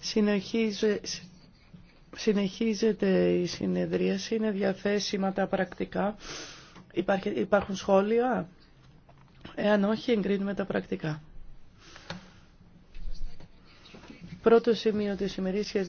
Συνεχίζεται, συνεχίζεται η συνεδρίαση, είναι διαθέσιμα τα πρακτικά. υπάρχουν σχόλια. Εάν όχι, εγκρίνουμε τα πρακτικά. Πρώτο σημείο της ημερήσιας